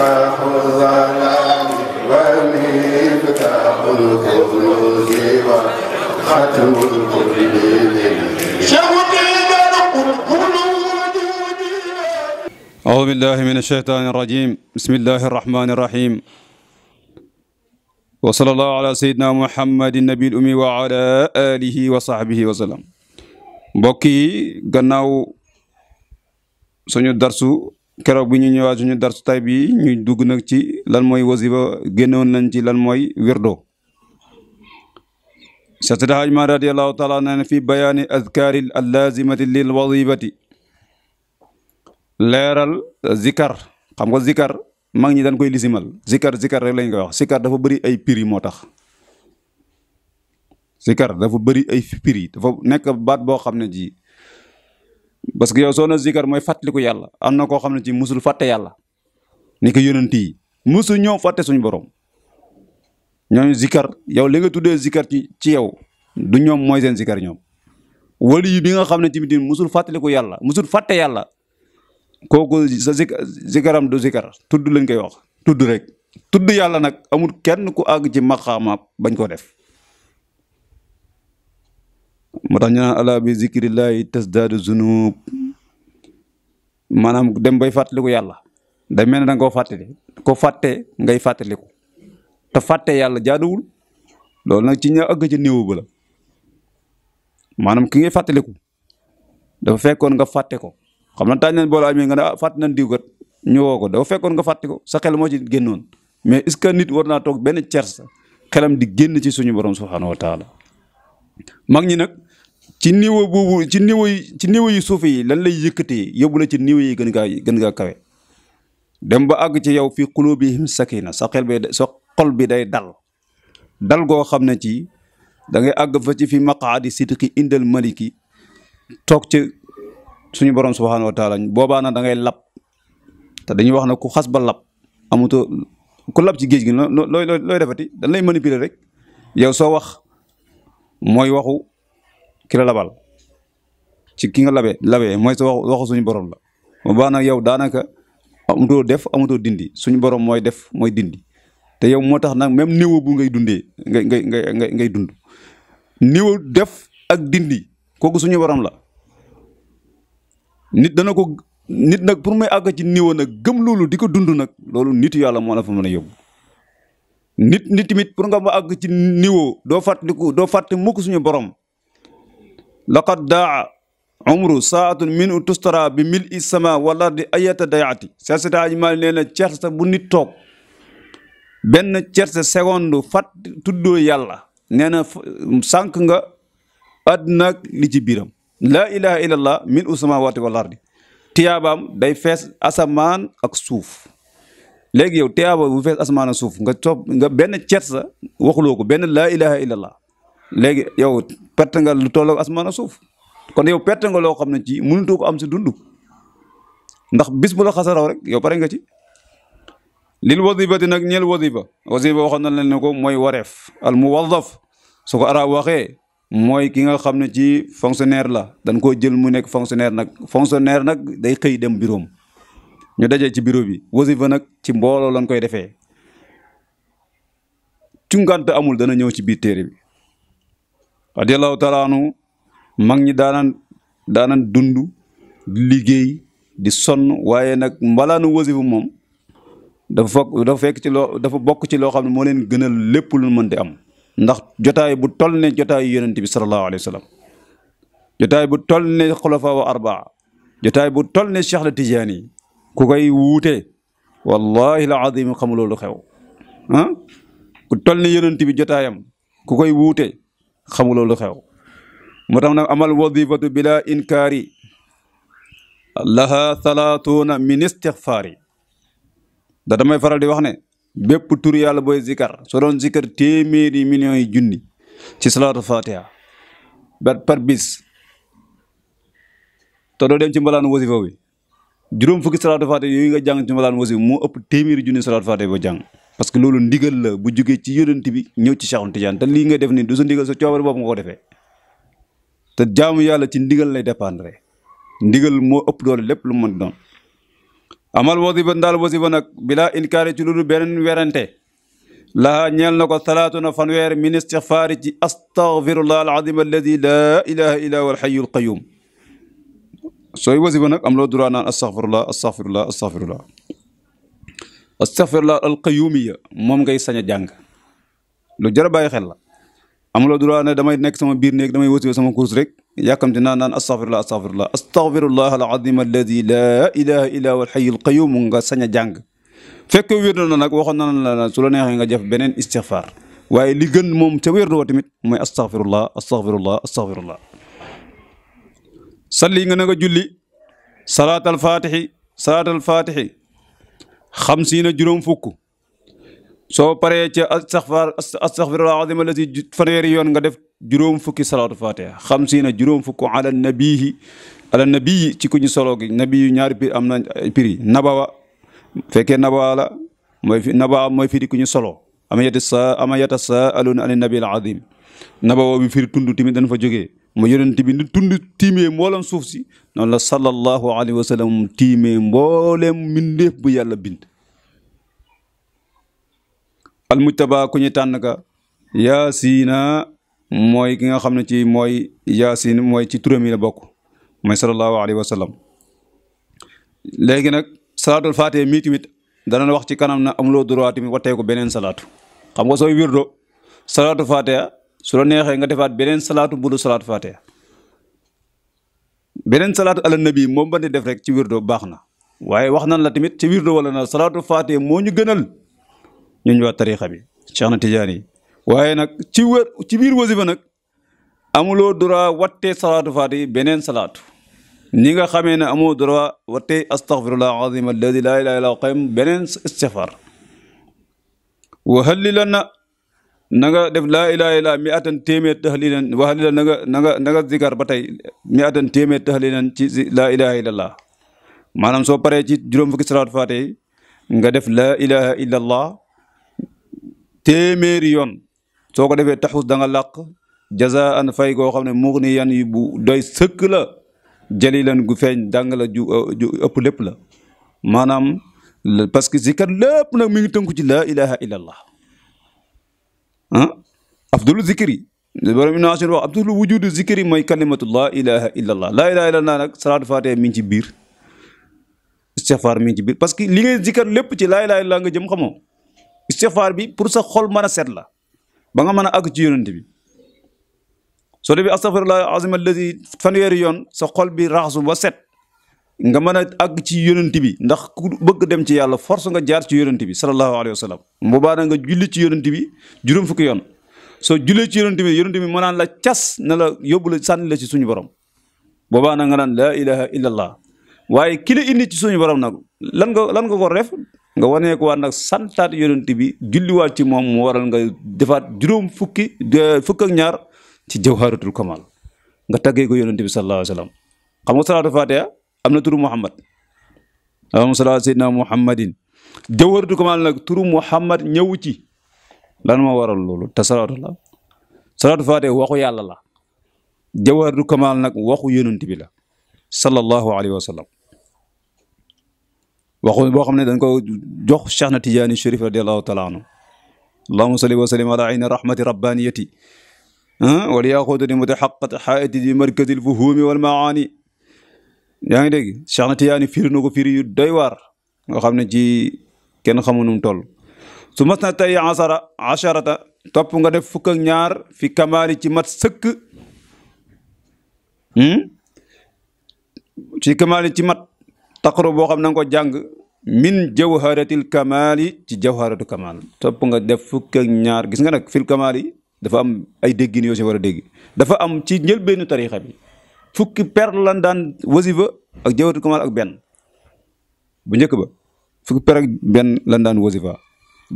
أعوذ بالله من الشيطان الرجيم بسم الله الرحمن الرحيم وصلى الله على سيدنا محمد النبي الأمي وعلى آله وصحبه وسلم بكي قناو سنو درسو keroog bi ñu ñëwaat suñu darsu tay bi ñu dugg nag ci lan mooy wasifa génnoon nañ ci lan mooy wirdo Seydi Hajji Maalik radiyallaahu taalaa nee na fi bayaani azkaari allaazimati lil wasifati leeral zikar xam nga zikar mag ñi dañ koy lisimal zikar zikar rek lañ koy wax zikar dafa bëri ay prix moo tax zikar dafa bëri ay prix dafa nekk baat boo xam ne ji parce que yow soo na zikar mooy fàttaliku yàlla am na koo xam ne ci musul fatte yàlla ni ko yonent yi musul ñoom fàtte suñu borom ñooñu zikar yow li nga tuddee zikar ci ci yow du ñoom mooy seen zikar ñoom wali yi bi nga xam ne tamit musul fàttaliku yàlla musul fàtte yàlla kooku sa zikaram du zikar tudd lañ koy wax tudd rek tudd yàlla nag amul kenn ku àgg ci maqaama bañ koo def moo tax ñu naan ala bi zikrillahi tasdaadu zunub maanaam dem bay fàttaliku yàlla day mel ne da nga koo fàttali ko fàttee ngay fàttaliku te fàttee yàlla jaaduwul loolu nag ci ña ëgg ci néew ba la maanaam ki ngay fàttaliku dafa fekkoon nga fatte ko xam na tàñ nañ boole amee nga ne ah fàtte nañ diw kat ñu woo ko dafa fekkoon nga fàtte ko sa xel moo ci génnoon mais est-ce que nit war naa toog benn cersa xelam di génn ci suñu borom subhanahu wa taala mag ñi nag ci niveau boobu ci niveau yi ci niveau yu suufe yi lan lay yëkkatee yóbbu la ci niveau yi gën gaa gën gaa kawe dem ba àgg ci yow fii qulubihim sakina sa xel bi sa xol bi day dal dal goo xam ne ci dangay àgg fa ci fi maqaadi sidqi indal ki toog ci suñu boroom subhanahu wa taala boobaa nag da ngay lab te dañuy wax na ku xas ba lab amutoo ku lab ci géej gi looy looy looy defati dañ lay manipuler rek yow soo wax. mooy waxu ki labal ci ki nga labe labe mooy sa waxu waxu suñu borom la mu baax nag yow daanaka amutoo def amutoo dindi suñu borom mooy def mooy dindi te yow moo tax nag même niveau bu ngay dundee ngay ngay ngay ngay dund niveau def ak dindi kooku suñu borom la nit dana ko nit nag pour muy àgg ci niveau nag gëm loolu di ko dund nag loolu nit yàlla moo la fa mën a yóbbu nit nit tamit pour nga mu àgg ci niveau doo fàttaliku doo fàtte mukk suñu borom laqad daa umru saatun min u tustara bi mil i sama wal ardi ayata dayati sa sitaaji maa nee na cersa bu nit toog benn cersa seconde fàtt tuddoo yàlla nee na sànq nga àdduna li ci biiram laa ilaha illallah min u samawati wal ardi tiyaabaam day fees asamaan ak suuf léegi yow tiyaaba bu fees asmaana suuf nga topp nga benn ceet sa waxuloo ko benn laa ilaha illallah léegi yow perte nga lu tolloo a suuf kon yow perte nga loo xam na ci mënutoo ko am si dund ndax bis bu la xasaraw rek yow pare nga ci lil wasibati nag ñeel wasiba wasiba waxoon na leen ne ko mooy wareef al muwaddaf su ko ara waxee mooy ki nga xam ne ci fonctionnaire la dañ koo jël mu nekk fonctionnaire nag fonctionnaire nag day xëy dem bureau ñu dajee ci bureau bi wasifa nag ci mbooloo lañ koy defee cungante amul dana ñëw ci biir téere bi radiallahu taala mag ñi daanan daanan dund liggéey di sonn waaye nag mbalaanu wasifa moom dafa fokk dafa fekk ci loo dafa bokk ci loo xam ne moo leen gënal lépp lu mën di am ndax jotaay bu tol ne jotaayu yonent bi sallallahu alayhi wa sallam jotaay bu toll ne xulafaa wa arbaa jotaay bu tol ne Cheikh la كوكاي ووتي والله العظيم خمولو لو خيو ها كو تولني يوننتي بي جوتايام كوكاي ووتي خمولو لو خيو موتام نا عمل وظيفه بلا انكار لها 30 من استغفار دا دامي فرال دي واخني بيب تور يالا بو ذكر سودون ذكر تيميري مليون جوني سي صلاه الفاتحه بات بربيس تودو ديم سي مبلان وظيفه وي juróom fukki salaatul faate yooyu nga jàng ci malaan wasi moo ëpp téeméeri junni salaatul faate boo jàng parce que loolu ndigal la bu jugee ci yonent bi ñëw ci Seexul Tijaan te lii nga def ni du sa ndigal sa coobare bopp nga ko defee te jaamu yàlla ci ndigal lay dépendre ndigal moo ëpp doole lépp lu mën doon amal wasifa ndaal wasifa nag bilaa inkaari ci loolu beneen werante laha ñeel na ko salaatuna fanweer min istixfaari ci astaghfirullah al azim alladi laa ilaha illa huwa al hayyul qayyum sooy wasifa nag am loo duraa naan astaghfirullah astaghfirullah astaghfirullah astaghfirullah alqayumiya moom ngay sañ a jàng lu jar a bàyyi xel la am loo duraa ne damay nekk sama biir néeg damay wasifa sama course rek yàkkamti naan naan astaghfirullah astaghfirullah astaghfirullah alazim alladi laa ilaha illa huwa alxayu alqayum nga sañ a jàng fekk wér na nag waxoon na la su la neexee nga jëf beneen istixfaar waaye li gën moom ca wér na wa tamit mooy astaghfirullah astaghfirullah astaghfirullah salli nga na nga julli salaatal faatixi salaatal faatixi xamsiina juróom fukk soo paree ca astaxfar astaxfirullah azim alladi fanweeri yoon nga def juróom fukki salaatu faatixa xamsiina juróom fukk ala nabihi ala nabiyi ci ku ñu solo gi nabiyu ñaari pir am na piri nabawa fekkee nabawa la mooy fi nabawa mooy firi ku ñu solo ama yata sa ama yata saaluuna an nabi al azim nabawa bi firi tund tamit dañ fa jógee mu yonent bi ni tund tiimee mboolem suuf si noonu la sallallahu alayhi wa sallam tiimee mboolem mbindeef bu yàlla bind almujtaba ku ñu tànn ka yaasiina mooy ki nga xam ne ci mooy yaasiin mooy ci turam yi bokk mooy sallallahu alayhi wa sallam léegi nag salaatul faatee mii tamit wax ci kanam na amuloo droit tamit wattee ko beneen salaatu xam nga sooy wirdo salaatu faatee su neexee nga defaat beneen salaatu bu dul salaatu faatiha beneen salaatu ala nabi moom ba di def rek ci wirdo baax na waaye wax nan la tamit ci wirdo walla na salaatu faatiha moo ñu gënal ñu ñu waa tariixa bi Cheikh na Tidiane yi waaye nag ci wér ci biir wasifa nag amuloo droit wattee salaatu faatiha beneen salaatu ni nga xamee ne amoo droit wattee astaghfirullah azim alladi laa ilaha illa beneen istighfar wa na nga def laa ilaha illa mi atan téeméer tahlilan wahlila na nga na nanga na nga zikar ba tey mi atan téeméer tahlilan ci laa ilaha illallah maanaam soo paree ci juróom fukki salaatu faate yi nga def la ilaha illallah téeméeri yoon soo ko defee taxus da nga làq jazaan fay goo xam ne mughniyan yu bu doy sëkk la jalilan gu feeñ dàng la ju ju ëpp lépp la maanaam parce que zikar lépp nag mi ngi tënku ci la ilaha illallah ah afdalu zikri borom innovation wax abdul wujudu zikri mooy kalimatu laa ilaha illa allah laa ilaha illa allah nag salaatu ngi ci biir istighfar mi ngi ci biir parce que li ngay zikkar lépp ci la ilaha illa allah nga jëm xamoo istighfar bi pour sa xol mën set la ba nga mën a àgg ci yonent bi soo defee astaghfirullah azim alladi fanweeri yoon sa xol bi raxasu ba set nga mën a àgg ci yonent bi ndax ku bëgg dem ci yàlla force nga jaar ci yonent bi sallallahu alayhi wa sallam boobaa na nga julli ci yonent bi juróom fukki yoon soo jullee ci yonent bi yonent bi ma naan la cas na la yóbbu la sànni la ci suñu borom boobaa na nga naan laa ilaha illa allah waaye ki la indi ci suñu borom nag lan nga lan nga ko def nga wanee ko waat nag santaat yonent bi julliwaat ci moom mu waral nga defaat juróom fukki fukk ak ñaar ci jawharatul kamal nga taggee ko yonent bi sallallahu alayhi أنا أنا محمد أنا أنا أنا سيدنا محمد أنا أنا أنا ترو محمد أنا أنا أنا أنا أنا أنا أنا أنا أنا أنا أنا أنا أنا أنا أنا ينون تبلا صلى الله عليه وسلم وقو بوخم ندن كو جوخ شخنا تجاني شريف رضي الله تعالى عنه اللهم صل وسلم على عين رحمة ربانيتي ها وليأخذني متحقق حائتي في مركز الفهوم والمعاني yaa ngi dégg Cheikh na Tiyaani firi na ko firi yu doy waar nga xam ne ci kenn xamu asara asara ta topp nga def fukk ak ñaar fi kamaali ci mat sëkk hmm? ci kamaali ci mat jang boo xam min jawharatil kamaali ci jawharatu kamaal topp nga def fukk ak ñaar gis nga nag fil kamaali dafa am ay déggin yoo si war a dégg dafa am ci njëlbeenu fukki per lan daan wasifa ak jawatu kamal ak benn bu njëkk ba fukki per ak benn lan daan wasifa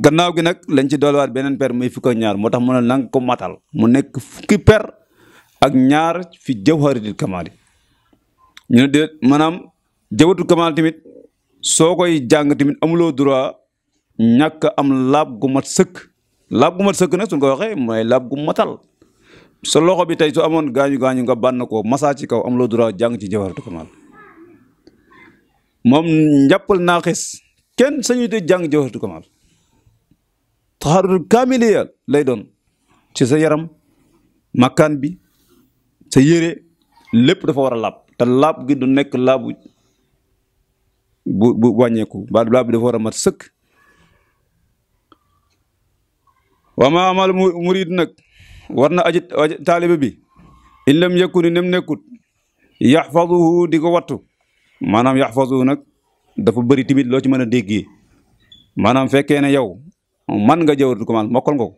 gannaaw gi nag lañ ci dolliwaat beneen per muy fukk ñaar moo tax mu ne na nga ko matal mu nekk fukki per ak ñaar fi jawharatul kamal yi ñu ne déet maanaam jawatu kamal tamit soo koy jàng tamit amuloo droit ñàkk am laab gu mat sëkk laab gu mat sëkk nag suñ ko waxee mooy laab gu matal sa loxo bi tey su amoon gaañu gaañu nga bànn ko masaa ci kaw am loo droit jàng ci jawharatu kamal moom njàppal naa xis kenn sañu te jàng jawharatu kamal taxarutul kaamiliya lay doon ci sa yaram makkaan bi sa yére lépp dafa war a laab te laab gi du nekk laabu bu bu wàññeeku ba laab dafa war a mat sëkk waa ma amal murid nag war na aji bi in lam yakuni nem nekkut yaxfaduhu di ko wattu maanaam yaxfaduhu nag dafa bëri tamit loo ci mën a déggee maanaam fekkee ne yow man nga jawratul kamaal mokkal nga ko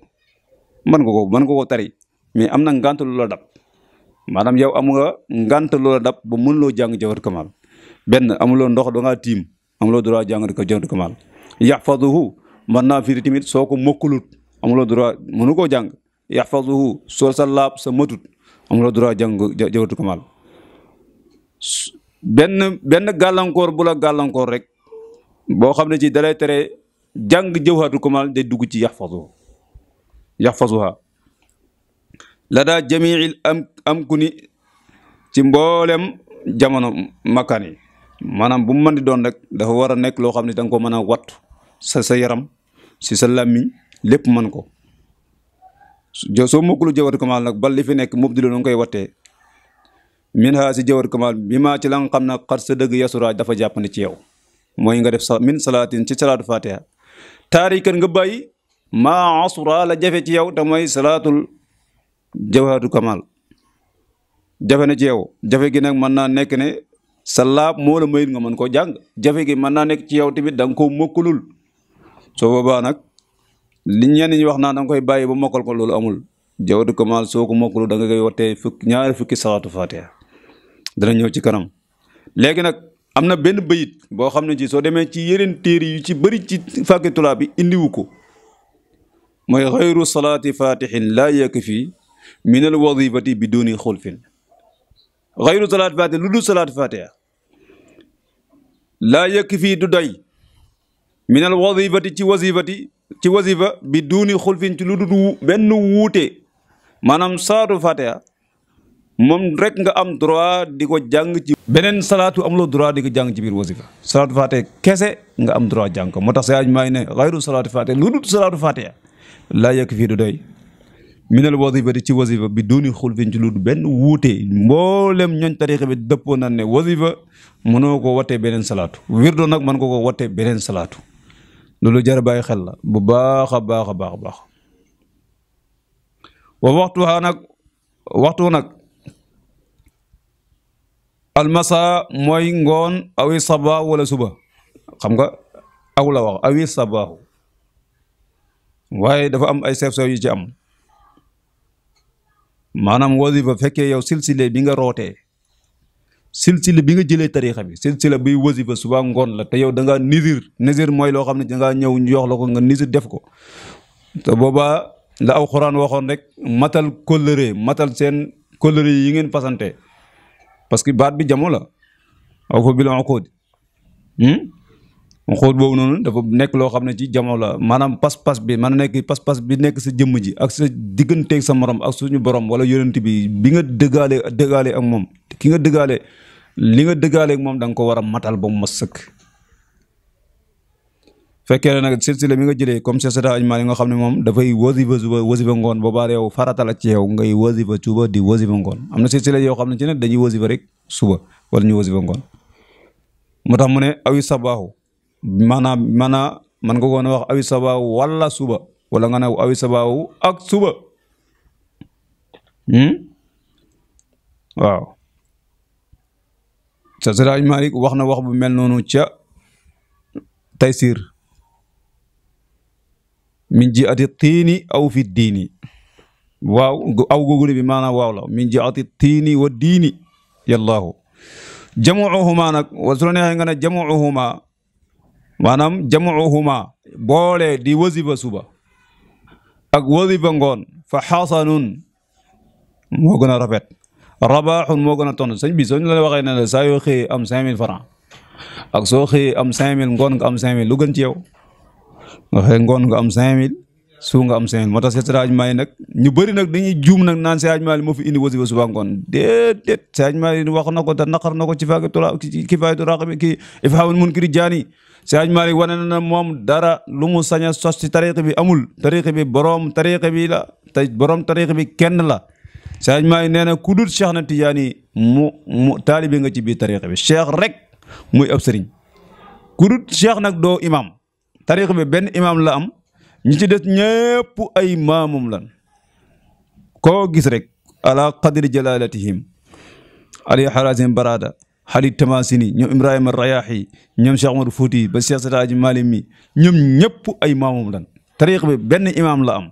man nga ko mën nga ko tari mais am na ngant lu la dab maanaam yow am nga ngant lu la dab ba mënuloo jàng jawratul kamaal benn amuloo ndox da ngaa tiim amuloo droit jàng jawratul kamaal yaxfaduhu mën naa firi tamit soo ko mokkulut amuloo droit mënu koo jàng yaxfazuhu sol sa laab sa matut amuloo droit jàng jawatu kamaal benn benn gàllankoor bu la gàllankoor rek boo xam ne ci dalay tere jàng jawhatu kamaal day dugg ci yaxfazuhu yaxfazuha la daa jamiil am am ku ci mboolem jamono makkaan yi maanaam bu mu mën di doon rek dafa war a nekk loo xam ne danga ko mën a wattu sa sa yaram si sa làmmiñ lépp mën ko soo mokkulu jawharatul kamaal nag bal li fi nekk moom di lu nga koy wattee min haa si jawharatul kamaal bi maa ci la nga xam ne xar sa dëgg yasura dafa jàppandi ci yow mooy nga def sa min salaatin ci salaatu fatiha taarikan nga bàyyi maa asura la jafe ci yow te mooy salaatul jawharatul kamaal jafe na ci yow jafe gi nag mën naa nekk ne sa laab moo la mayit nga mën ko jàng jafe gi mën naa nekk ci yow tamit da nga koo mokkulul soo boobaa nag li ñenn wax naa da nga koy bàyyi ba mokkal ko loolu amul jawatu kamal soo ko mokkalu da nga koy wootee fukk ñaari fukki salaatu fatiha dana ñëw ci kanam léegi nag am na benn bayit boo xam ne ci soo demee ci yeneen téere yu ci bari ci fàkki tulaa bi indiwu ko mooy xayru salaati fatihin la yakfi fii al wadifati bi duni xulfin xayru salaati fatiha lu dul salaatu fatiha laa yakfi du doy min al wadifati ci wasifati ci wasifa bi duuni xulfin ci lu bennu benn wuute maanaam salaatu fatiha moom rek nga am droit di ko jàng ci. beneen salaatu amuloo droit di ko jàng ci biir wasifa salaatu fatiha kese nga am droit jàng ko moo tax saa maa ngi ne xayru salaatu fatiha lu dul salaatu fatiha laa yëkk fii du doy. minal wasifa di ci wasifa bi duuni xulfin ci lu dul benn wuute mboolem ñooñ tariixa bi dëppoo na ne wasifa noo ko watee beneen salaatu wirdo nag mën nga ko watee beneen salaatu. لولو جرى باي خيل لا بو باخا باخا باخا باخا ووقتها نك وقتو نك المساء موي غون او صباح ولا صبح خمغا او لا واخ او صباح واي دا فا ام اي سيف سو يجي ام مانام وظيفه فكيه يو سلسله بيغا روتيه silsila bi nga jëlee tariixa bi silsila bi wasifa suba ngoon la te yow da ngaa nisir nisir mooy loo xam ne da ngaa ñëw ñu yox la ko nga nisir def ko te boobaa la aw xuraan waxoon rek matal kóllëre matal seen kóllëre yi ngeen fasante parce que baat bi jamo la aw ko bilan xóot xóot boobu noonu dafa nekk loo xam ne ci jamo la maanaam pas-pas bi man nekk pas-pas bi nekk sa jëmm ji ak sa digganteeg sa morom ak suñu borom wala yonent bi bi nga dëggaale dëggaale ak moom ki nga dëggaale li nga dëggaaleeg moom da nga ko war a matal ba mu ma sëkk fekkee ne nag silsila mi nga jëlee comme Cheikh Seydi Hadji Malick nga xam ne moom dafay wasifa suba wasifa ngoon boobaa yow farata la ci yow ngay wasifa suba di wasifa ngoon am na silsila yoo xam ne ci ne dañuy wasifa rek suba wala ñu wasifa ngoon moo tax mu ne awi sabaahu maanaam maanaam man nga koon wax awi sabaahu wala suba walla nga ne awi sabaahu ak suba hmm? waaw ca Sëriñ wax na wax bu mel noonu ca Taysiir min ji ati tiini aw fi diini waaw aw googu bi maanaam waaw la min ji ati tiini wa diini yallaahu jamuuhuma nag wa su la neexee nga ne jamuuhuma maanaam jamuuhuma boole di wasifa suba ak wasifa ngoon fa xasanun moo gën a rafet rabaaxun moo gën a tontu sëñ bi soo ñu la waxee ne la saa yoo xëyee am 5000 francs ak soo xëyee am 5000 ngoon nga am 5000 lu gën ci yow nga xëy ngoon nga am 5000 suu nga am 5000 moo tax Seydi Maalik nag ñu bëri nag dañuy juum nag naan Seydi Maalik moo fi indi wasifa suba ngoon déedéet Seydi Maalik wax na ko te naqar na ko ci Kifaayatu Raaqi ki Ifhaamul Munkari Jaani Seydi Maalik wane na moom dara lu mu sañ a sos ci tariq bi amul tariq bi borom tariq bi la te borom tariq bi kenn la. Sëriñ Maalik nee na ku dul Cheikh na Tijaani mu mu taalibe nga ci biir tariqa bi cheikh rek muy ab sëriñ ku cheikh nag doo imaam tariqa bi benn imaam la am ñi ci des ñëpp ay maamum lan koo gis rek ala qadri jalalatihim ali harazim barada xali tamasini ñoom ibrahima rayaahi ñoom cheikh ma Fuuti ba cheikh Sadaaji Maalim mi ñoom ñëpp ay maamum lan tariqa bi benn imaam la am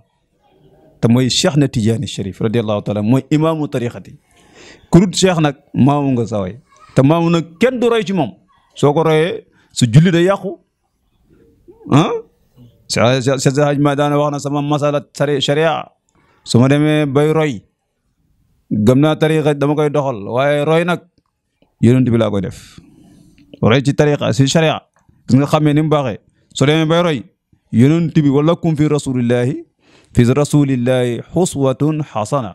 te mooy cheikh na Tidiane Chérif radiallahu taala mooy imaamu tariqat yi ku dul cheikh nag maamu nga saway te maamu nag kenn du roy ci moom soo ko royee su julli da yàqu ah Cheikh Hadj ma daana wax na sama masala sharia su ma demee bay roy gëm naa tariqa dama koy doxal waaye roy nag yonent bi laa koy def roy ci tariqa si sharia gis nga xamee ni mu baaxee soo demee bay roy yonent bi wala kum fi rasulillahi fi rasulillahi xuswatun xasana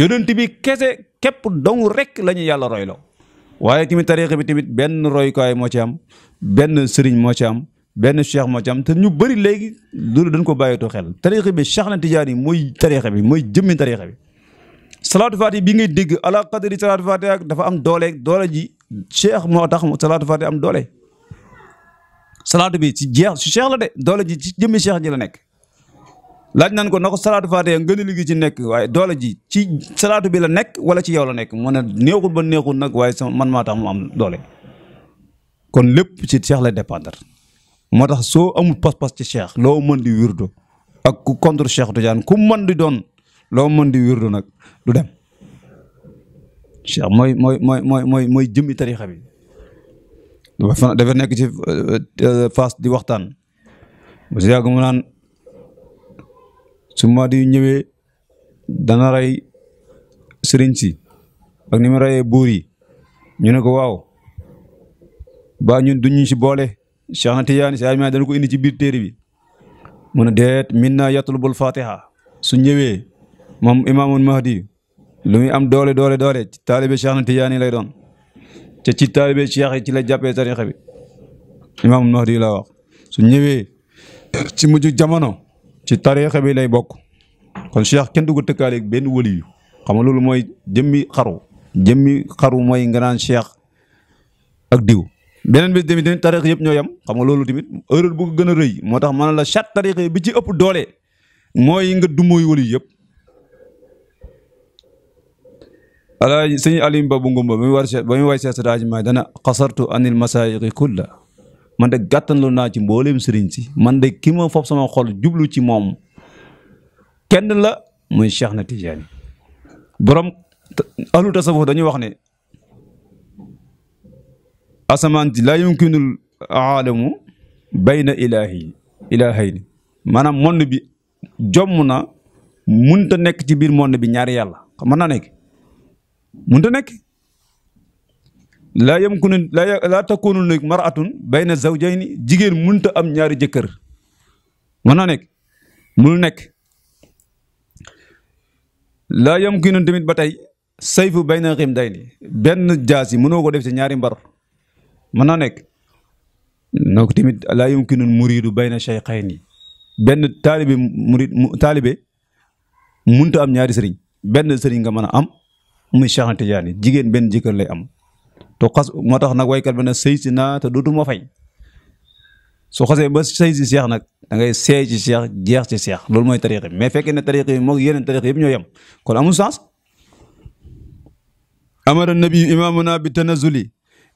yonent bi kese képp dong rek la ñu yàlla royloo waaye tamit tariixa bi tamit benn roykaay moo ci am benn sëriñ moo ci am benn cheikh moo ci am te ñu bëri léegi loolu dañ ko bàyyeetoo xel tariixa bi Cheikh na Tijaan mooy tariixa bi mooy jëmmi tariixa bi. salaatu faati bi ngay dégg ala qadri salaatu faati ak dafa am doole doole ji cheikh moo tax mu salaatu faati am doole. salaatu bi ci jeex si cheikh la de doole ji ci jëmmi ji la nekk. laaj naan ko na ko salaatu faatiha ngën a liggéey ci nekk waaye doole ji ci salaatu bi la nekk wala ci yow la nekk mu ne neexul ba neexul nag waaye sama man maa tax mu am doole kon lépp ci cheikh lay dépendre moo tax soo amul pas-pas ci cheikh loo mën di wirdo ak ku contre cheikh Tidiane ku man di doon loo mën di wirdo nag du dem cheikh mooy mooy mooy mooy mooy mooy jëmmi tarixa bi dafa nekk ci euh, euh, face di waxtaan bu si yàgg mu su Mahdi yu ñëwee dana ray sëriñ si ak ni mu reyee buur yi ñu ne ko waaw baa ñun duñu si boole Cheikh na Tidiane si ayma dana ko indi ci biir téere bi mu ne deet min naa bul fatiha su ñëwee moom imaamul Mahdi lu muy am doole doole doole ci taalibe Cheikh na lay doon te ci taalibe Cheikh yi ci la jàppee tarixa bi imaamul Mahdi la wax su ñëwee ci mujj jamono ci tariixa bi lay bokk kon cheikh kenn du ko tëkkaaleeg benn waliyu xam nga loolu mooy jëmmi xaru jëmmi xaru mooy nga naan cheikh ak diw beneen bi tamit tariix yëpp ñoo yem xam nga loolu tamit erreur bu ko gën a rëy moo tax ma ne la chat tariix bi ci ëpp doole mooy nga dumooy wali yëpp. alaaji sëñ Alim Ba bu Ngumba ba muy war ba muy way seet sa daaj maay dana xasartu anil masaayixi kulla man de gàttanlu naa ci mbooleem sëriñ si man de ki ma foofu sama xol jublu ci moom kenn la muy Cheikh na Tidiane boroom ahlu tasawuf dañuy wax ne asamaan si laa yumkinul aalamu bayna ilaahi ilaahayni maanaam monde bi jomm na munta nekk ci biir monde bi ñaar yàlla xam mën naa nekk munta nekk laa yamkunu laa laa takunu nag maratun bayna zawjayni jigéen mënut a am ñaari jëkkër mën naa nekk mënul nekk laa yamkunu tamit ba tey sayfu bayna ximdayni benn jaas yi mënoo ko def si ñaari mbar mën naa nekk donc tamit laa yamkinu muridu bayna shaykhayni benn taalibe murid taalibe mënut a am ñaari sëriñ benn sëriñ nga mën a am muy Cheikh Tidiane jigéen benn jëkkër lay am. te xas moo tax nag waykat bi ne sëy si naa te dootuma fay su xasee ba sëy si seex nag da ngay seey ci seex jeex ci seex loolu mooy tariq bi mais fekkee ne tariq yi moog yeneen tariq yëpp ñoo yem kon amul sens amara nabiyu imaamuna bi tanazuli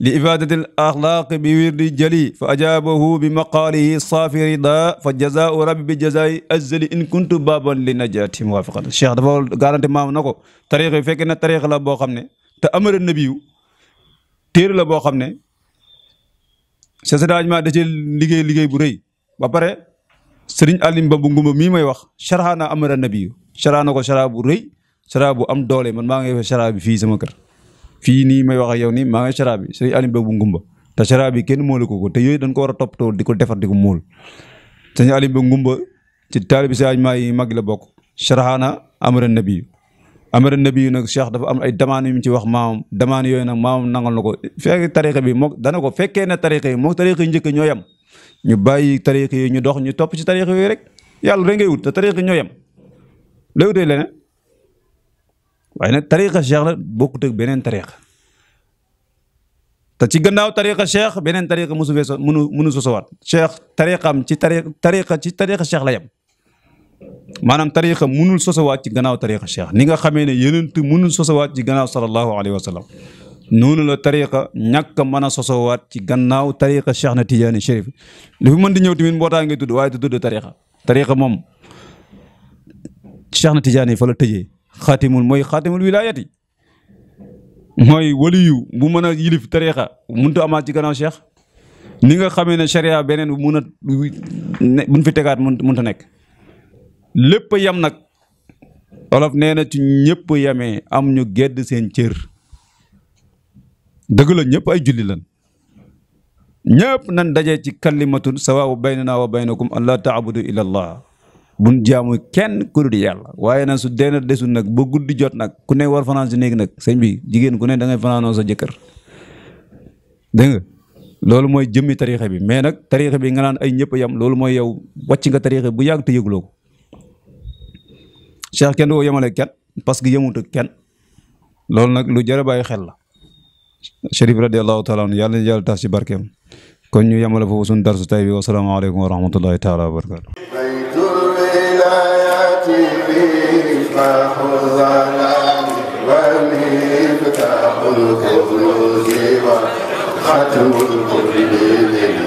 li ifaadati al axlaaqi bi wirdi jali fa ajaabahu bi maqaalihi saafi rida fa jazaau rabbi bi jazaayi azali in kuntu baaban li najaati muwaafaqan cheikh dafa garanti maam na ko tariq yi fekkee ne tariq la boo xam ne te amara nabiyu téere la boo xam ne Cheikh Seydi Hadji Malick da liggéey liggéey bu rëy ba pare sëriñ Alim bu ngumba mii may wax sharha na amara nabiyu sharha ko sharha bu rëy sharha am doole man maa ngi defee sharha bi fii sama fii nii ma wax ak yow nii maa ngi sharha bi sëriñ bu ngumba te sharha bi kenn moolu ko ko te yooyu dañ ko war a toppatoo di ko defar di ko mool sëriñ Alim ngumba ci taalibi Seydi Hadji yi mag la bokk sharha na amara amara nabi nag cheikh dafa am ay demande yu mu ci wax maamam demande yooyu nag maamam nangal na ko fekk tariqa bi mook dana ko fekkee ne tariqa yi mook tariqa yi njëkk ñoo yem ñu bàyyi tariqa yi ñu dox ñu topp ci tariqa yooyu rek yàlla rek ngay wut te tariqa ñoo yem lay wutee leneen waaye nag tariqa cheikh la bokkut ak beneen tariqa te ci gannaaw tariqa cheikh beneen tariqa mosu fee so mënu mënu sosowaat cheikh tariqam ci tari tariqa ci tariqa cheikh la yem manam tariqa munul sosawaat ci gannaaw tariqa cheikh ni nga xamé ne yenent munul sosawaat ci gannaaw sallallahu alayhi wa sallam noonu la tariqa ñak a mën a ci gannaaw tariqa cheikh na tijaani chérif li fi mën di ñëw tamit mbootaa nga tudd way tudd tariqa tariqa mom cheikh na fa la teje khatimul moy khatimul wilayati moy waliyu bu mëna yilif tariqa muntu a ci gannaaw cheikh ni nga xamé ne sharia benen bu mëna buñ fi tegaat muntu a nekk lépp yam nag olof nee na ci ñëpp yamee am ñu gedd seen cër dëgg la ñëpp ay julli lan ñëpp nan dajee ci kalimatun sawaabu baynana wa baynakum an laa taabudu illa allah buñ jaamu kenn ku di yàlla waaye nag su deen desul nag ba guddi jot nag ku ne war fanaan si néeg nag sëñ bi jigéen ku ne dangay ngay sa jëkkër dégg loolu mooy jëmmi tariixa bi mais nag tariixa bi nga naan ay ñëpp yam loolu mooy yow wàcc nga tariixa bu yàgg te yëgloo cheikh kenn du yemale kenn parce que yemut ak kenn loolu nag lu jar a bàyyi xel la chérif radiallahu taala anhu yàlla yàlla taas ci barkeem kon ñu yemale foofu suñu darsu tay bi wasalaamaaleykum wa rahmatullahi taala wa barakatu خاتم القرآن